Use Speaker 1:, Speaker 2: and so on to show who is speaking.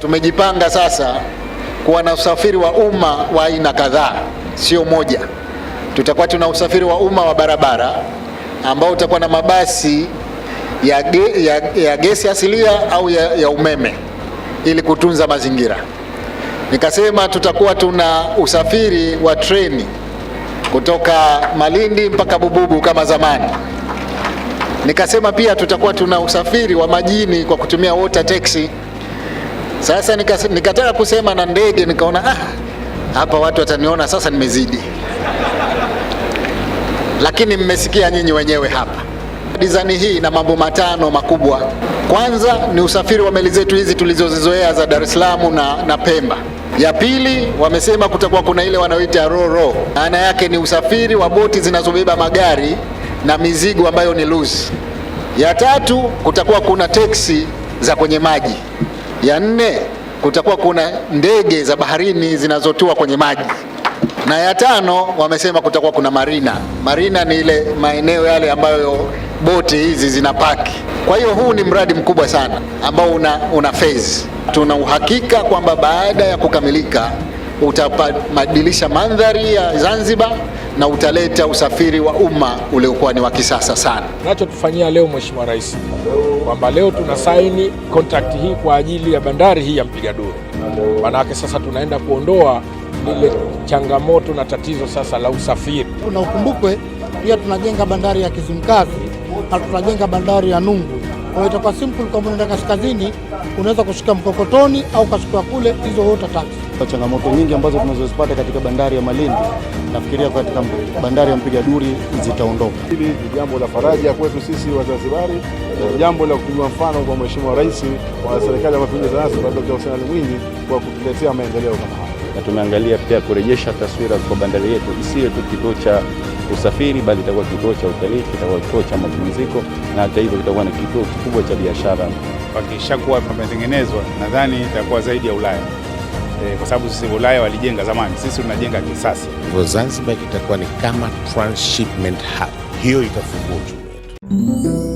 Speaker 1: Tumejipanga sasa kuwa na usafiri wa umma wa aina kadhaa, sio moja. Tutakuwa tuna usafiri wa umma wa barabara ambao utakuwa na mabasi ya, ge, ya, ya gesi asilia au ya, ya umeme ili kutunza mazingira. Nikasema tutakuwa tuna usafiri wa treni kutoka Malindi mpaka Bububu kama zamani. Nikasema pia tutakuwa tuna usafiri wa majini kwa kutumia water taxi. Sasa nikasema, nikataka kusema na ndege, nikaona ah, hapa watu wataniona sasa nimezidi, lakini mmesikia nyinyi wenyewe hapa. Dizani hii na mambo matano makubwa. Kwanza ni usafiri wa meli zetu hizi tulizozizoea za Dar es Salaam na, na Pemba. Ya pili wamesema kutakuwa kuna ile wanaoita roro, maana yake ni usafiri wa boti zinazobeba magari na mizigo ambayo ni loose. Ya tatu kutakuwa kuna teksi za kwenye maji. Ya nne kutakuwa kuna ndege za baharini zinazotua kwenye maji na ya tano wamesema kutakuwa kuna marina. Marina ni ile maeneo yale ambayo boti hizi zinapaki. Kwa hiyo huu ni mradi mkubwa sana ambao una, una phase. Tuna uhakika kwamba baada ya kukamilika utabadilisha mandhari ya Zanzibar na utaleta usafiri wa umma uliokuwa ni wa kisasa sana.
Speaker 2: Tunachotufanyia leo Mheshimiwa Rais kwamba leo tuna saini kontrakti hii kwa ajili ya bandari hii ya Mpiga Duru, maanake sasa tunaenda kuondoa lile changamoto na tatizo sasa la usafiri.
Speaker 3: Na ukumbukwe pia tunajenga bandari ya Kizimkazi na tunajenga bandari ya Nungu. Kwa hiyo itakuwa simple, kwa unaenda kaskazini unaweza kushika mkokotoni au kashuka kule, hizo wote taksi.
Speaker 4: Changamoto nyingi ambazo tunazozipata katika bandari ya Malindi, nafikiria katika bandari ya Mpiga Duri zitaondoka.
Speaker 5: Hili ni jambo la faraja kwetu sisi Wazanzibari, jambo la kupigiwa mfano kwa Mheshimiwa Rais wa Serikali ya Mapinduzi ya Zanzibar, Dkt. Hussein Ali Mwinyi, kwa kutuletea maendeleo kama haya
Speaker 6: na tumeangalia pia kurejesha taswira kwa bandari yetu isiwe tu kituo cha usafiri, bali itakuwa kituo cha utalii, kitakuwa kituo cha mapumziko, na hata hivyo kitakuwa na kituo kikubwa cha biashara.
Speaker 7: Pakishakuwa pametengenezwa,
Speaker 8: nadhani itakuwa zaidi ya Ulaya e, kwa sababu sisi Ulaya walijenga zamani, sisi tunajenga kisasa.
Speaker 9: Hivyo Zanzibar itakuwa ni kama transshipment hub, hiyo itafungua uchumi wetu.